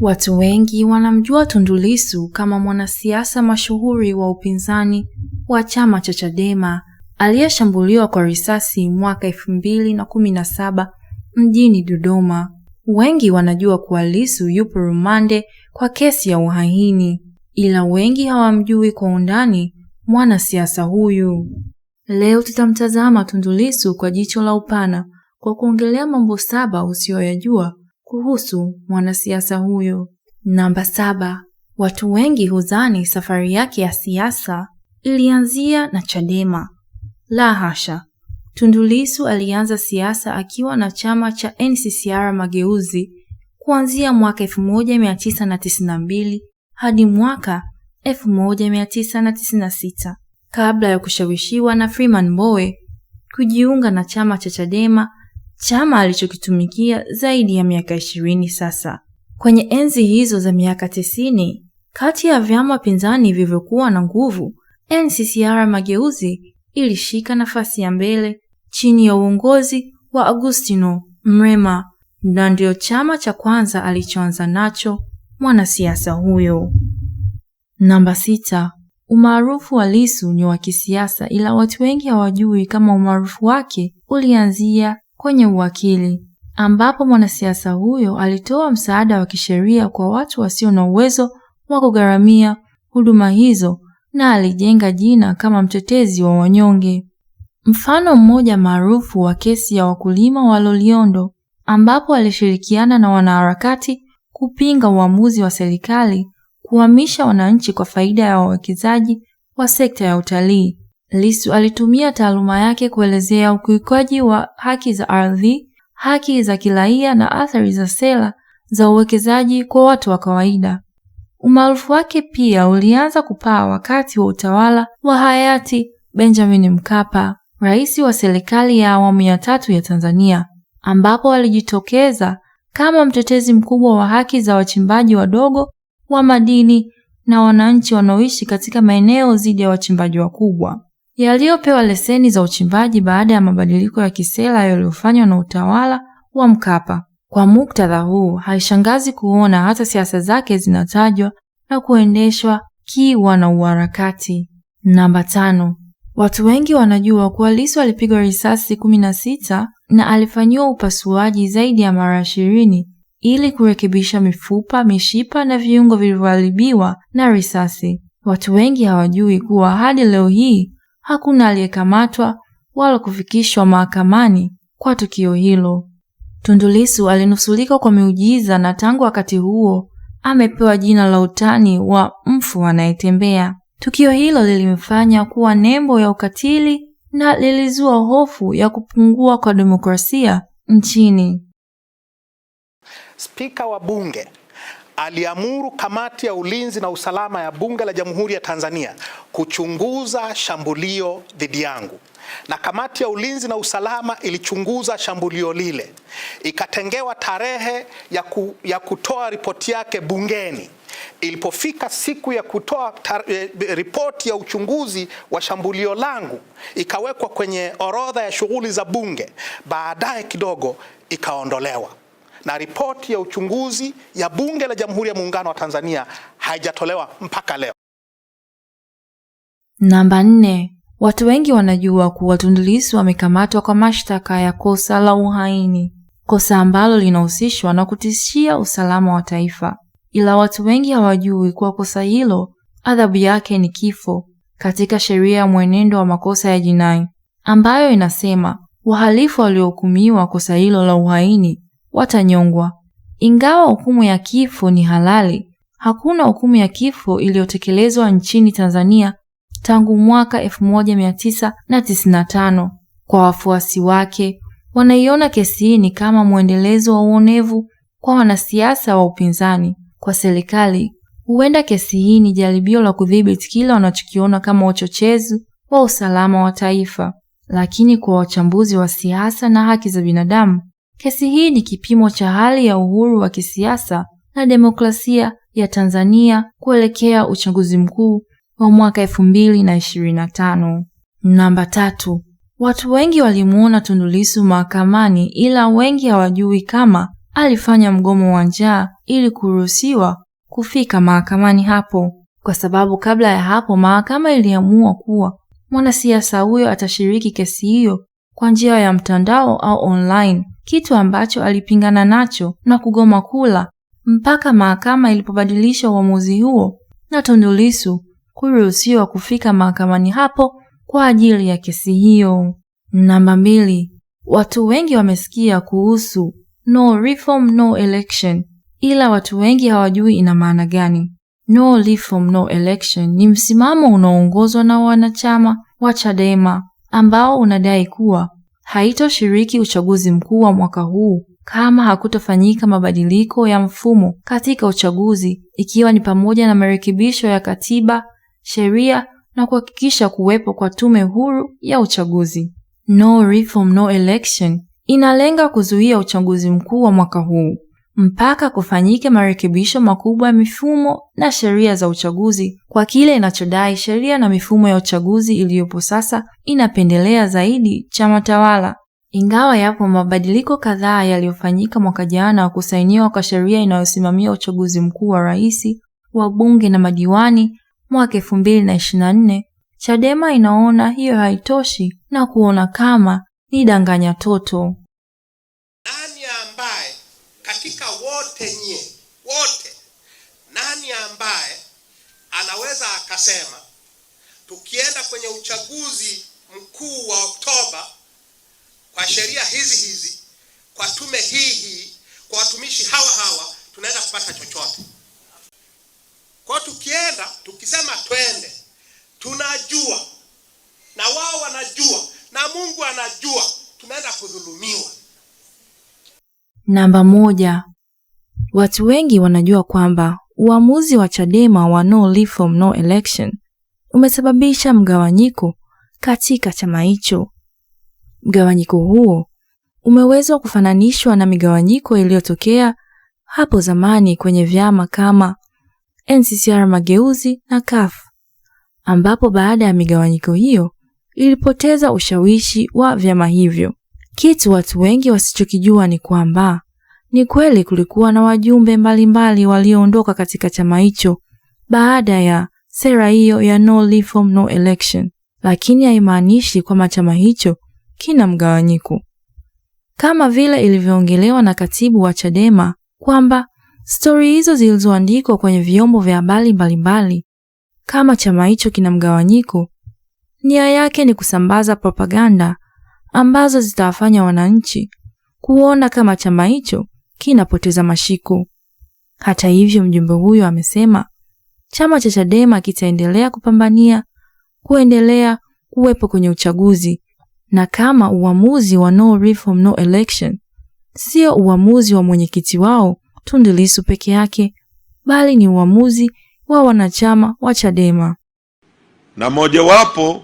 Watu wengi wanamjua Tundu Lissu kama mwanasiasa mashuhuri wa upinzani wa chama cha Chadema aliyeshambuliwa kwa risasi mwaka elfu mjini Dodoma. Wengi wanajua kuwa Lissu yupo rumande kwa kesi ya uhaini, ila wengi hawamjui kwa undani mwanasiasa huyu. Leo tutamtazama Tundu Lissu kwa jicho la upana kwa kuongelea mambo saba usiyoyajua kuhusu mwanasiasa huyo. Namba saba. Watu wengi huzani safari yake ya siasa ilianzia na Chadema. La hasha. Tundu Lissu alianza siasa akiwa na chama cha NCCR Mageuzi kuanzia mwaka 1992 hadi mwaka 1996 kabla ya kushawishiwa na Freeman Mbowe kujiunga na chama cha Chadema chama alichokitumikia zaidi ya miaka ishirini sasa. Kwenye enzi hizo za miaka tisini, kati ya vyama pinzani vilivyokuwa na nguvu, NCCR Mageuzi ilishika nafasi ya mbele chini ya uongozi wa Agustino Mrema, na ndiyo chama cha kwanza alichoanza nacho mwanasiasa huyo. Namba sita. Umaarufu wa Lissu ni wa kisiasa, ila watu wengi hawajui kama umaarufu wake ulianzia kwenye uwakili ambapo mwanasiasa huyo alitoa msaada wa kisheria kwa watu wasio na uwezo wa kugharamia huduma hizo na alijenga jina kama mtetezi wa wanyonge. Mfano mmoja maarufu wa kesi ya wakulima wa Loliondo ambapo alishirikiana na wanaharakati kupinga uamuzi wa serikali kuhamisha wananchi kwa faida ya wawekezaji wa sekta ya utalii Lissu alitumia taaluma yake kuelezea ukiukwaji wa haki za ardhi, haki za kiraia na athari za sera za uwekezaji kwa watu wa kawaida. Umaarufu wake pia ulianza kupaa wakati wa utawala wa hayati Benjamin Mkapa, rais wa serikali ya awamu ya tatu ya Tanzania, ambapo alijitokeza kama mtetezi mkubwa wa haki za wachimbaji wadogo wa madini na wananchi wanaoishi katika maeneo dhidi ya wachimbaji wakubwa yaliyopewa leseni za uchimbaji baada ya mabadiliko ya kisera yaliyofanywa na utawala wa Mkapa. Kwa muktadha huu, haishangazi kuona hata siasa zake zinatajwa na kuendeshwa kiwa na uharakati. Namba tano. Watu wengi wanajua kuwa Lissu alipigwa risasi kumi na sita na alifanyiwa upasuaji zaidi ya mara ishirini ili kurekebisha mifupa, mishipa na viungo vilivyoharibiwa na risasi. Watu wengi hawajui kuwa hadi leo hii hakuna aliyekamatwa wala kufikishwa mahakamani kwa tukio hilo. Tundu Lissu alinusulika kwa miujiza na tangu wakati huo amepewa jina la utani wa mfu anayetembea. Tukio hilo lilimfanya kuwa nembo ya ukatili na lilizua hofu ya kupungua kwa demokrasia nchini. Spika wa Bunge aliamuru kamati ya ulinzi na usalama ya bunge la Jamhuri ya Tanzania kuchunguza shambulio dhidi yangu, na kamati ya ulinzi na usalama ilichunguza shambulio lile, ikatengewa tarehe ya, ku, ya kutoa ripoti yake bungeni. Ilipofika siku ya kutoa e, ripoti ya uchunguzi wa shambulio langu, ikawekwa kwenye orodha ya shughuli za bunge, baadaye kidogo ikaondolewa na ripoti ya uchunguzi ya Bunge la Jamhuri ya Muungano wa Tanzania haijatolewa mpaka leo. Namba nne. Watu wengi wanajua kuwa Tundu Lissu wamekamatwa kwa mashtaka ya kosa la uhaini, kosa ambalo linahusishwa na kutishia usalama wa taifa, ila watu wengi hawajui kuwa kosa hilo adhabu yake ni kifo katika sheria ya mwenendo wa makosa ya jinai ambayo inasema wahalifu waliohukumiwa kosa hilo la uhaini watanyongwa. Ingawa hukumu ya kifo ni halali, hakuna hukumu ya kifo iliyotekelezwa nchini Tanzania tangu mwaka 1995. Kwa wafuasi wake, wanaiona kesi hii ni kama mwendelezo wa uonevu kwa wanasiasa wa upinzani. Kwa serikali, huenda kesi hii ni jaribio la kudhibiti kile wanachokiona kama uchochezi wa usalama wa taifa. Lakini kwa wachambuzi wa siasa na haki za binadamu, Kesi hii ni kipimo cha hali ya uhuru wa kisiasa na demokrasia ya Tanzania kuelekea uchaguzi mkuu wa mwaka elfu mbili na ishirini na tano. Namba tatu, watu wengi walimuona Tundu Lissu mahakamani, ila wengi hawajui kama alifanya mgomo wa njaa ili kuruhusiwa kufika mahakamani hapo, kwa sababu kabla ya hapo mahakama iliamua kuwa mwanasiasa huyo atashiriki kesi hiyo kwa njia ya mtandao au online kitu ambacho alipingana nacho na kugoma kula mpaka mahakama ilipobadilisha uamuzi huo na Tundu Lissu kuruhusiwa kufika mahakamani hapo kwa ajili ya kesi hiyo. Namba mbili, watu wengi wamesikia kuhusu no reform no election, ila watu wengi hawajui ina maana gani. No reform no election ni msimamo unaoongozwa na wanachama wa Chadema ambao unadai kuwa haitoshiriki uchaguzi mkuu wa mwaka huu kama hakutofanyika mabadiliko ya mfumo katika uchaguzi, ikiwa ni pamoja na marekebisho ya katiba, sheria na kuhakikisha kuwepo kwa tume huru ya uchaguzi. No reform, no election inalenga kuzuia uchaguzi mkuu wa mwaka huu mpaka kufanyike marekebisho makubwa ya mifumo na sheria za uchaguzi kwa kile inachodai sheria na mifumo ya uchaguzi iliyopo sasa inapendelea zaidi chama tawala. Ingawa yapo mabadiliko kadhaa yaliyofanyika mwaka jana wa kusainiwa kwa sheria inayosimamia uchaguzi mkuu wa rais, bunge na madiwani mwaka 2024, Chadema inaona hiyo haitoshi na kuona kama ni danganya toto. Yaani katika wote nyie wote, nani ambaye anaweza akasema tukienda kwenye uchaguzi mkuu wa Namba moja, watu wengi wanajua kwamba uamuzi wa Chadema wa no reform, no election umesababisha mgawanyiko katika chama hicho. Mgawanyiko huo umewezwa kufananishwa na migawanyiko iliyotokea hapo zamani kwenye vyama kama NCCR Mageuzi na CUF, ambapo baada ya migawanyiko hiyo ilipoteza ushawishi wa vyama hivyo. Kitu watu wengi wasichokijua ni kwamba ni kweli kulikuwa na wajumbe mbalimbali walioondoka katika chama hicho baada ya sera hiyo ya no reform, no election, lakini haimaanishi kwamba chama hicho kina mgawanyiko kama vile ilivyoongelewa na katibu wa Chadema kwamba stori hizo zilizoandikwa kwenye vyombo vya habari mbalimbali kama chama hicho kina mgawanyiko, nia yake ni kusambaza propaganda ambazo zitawafanya wananchi kuona kama chama hicho kinapoteza mashiko. Hata hivyo, mjumbe huyo amesema chama cha Chadema kitaendelea kupambania kuendelea kuwepo kwenye uchaguzi na kama uamuzi wa no reform, no election sio uamuzi wa mwenyekiti wao Tundu Lissu peke yake bali ni uamuzi wa wanachama wa Chadema na mojawapo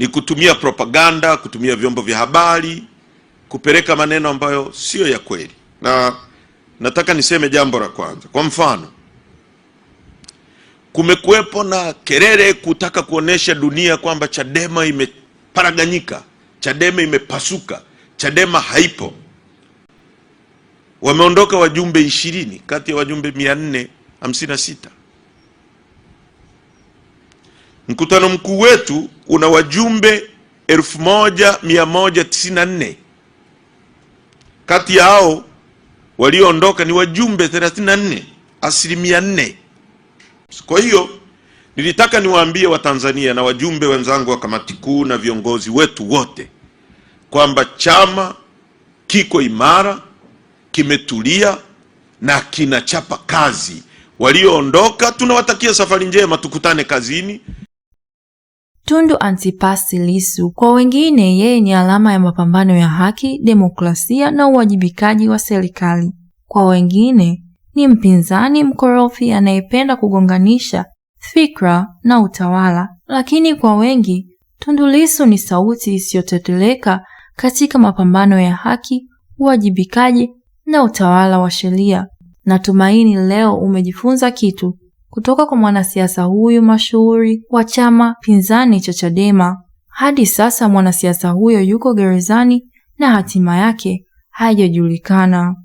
ni kutumia propaganda, kutumia vyombo vya habari kupeleka maneno ambayo siyo ya kweli. Na nataka niseme jambo la kwanza, kwa mfano, kumekuwepo na kelele kutaka kuonesha dunia kwamba Chadema imeparaganyika, Chadema imepasuka, Chadema haipo. Wameondoka wajumbe ishirini kati ya wajumbe mia nne hamsini na sita. Mkutano mkuu wetu una wajumbe 1194 kati yao walioondoka ni wajumbe 34, asilimia 4. Kwa hiyo nilitaka niwaambie Watanzania na wajumbe wenzangu wa kamati kuu na viongozi wetu wote kwamba chama kiko imara, kimetulia na kinachapa kazi. Walioondoka tunawatakia safari njema, tukutane kazini. Tundu Antipasi Lissu. Kwa wengine, yeye ni alama ya mapambano ya haki, demokrasia na uwajibikaji wa serikali. Kwa wengine, ni mpinzani mkorofi anayependa kugonganisha fikra na utawala. Lakini kwa wengi, Tundu Lissu ni sauti isiyoteteleka katika mapambano ya haki, uwajibikaji na utawala wa sheria. Natumaini leo umejifunza kitu kutoka kwa mwanasiasa huyu mashuhuri wa chama pinzani cha Chadema. Hadi sasa mwanasiasa huyo yuko gerezani na hatima yake haijajulikana.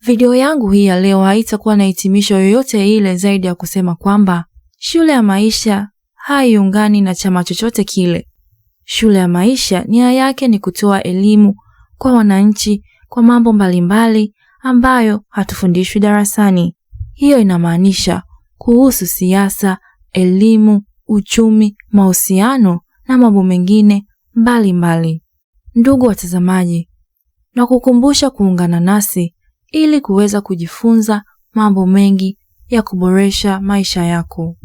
Video yangu hii ya leo haitakuwa na hitimisho yoyote ile zaidi ya kusema kwamba shule ya maisha haiungani na chama chochote kile. Shule ya maisha nia yake ni kutoa elimu kwa wananchi kwa mambo mbalimbali ambayo hatufundishwi darasani. Hiyo inamaanisha kuhusu siasa, elimu, uchumi, mahusiano na mambo mengine mbalimbali. Ndugu watazamaji, na kukumbusha kuungana nasi ili kuweza kujifunza mambo mengi ya kuboresha maisha yako.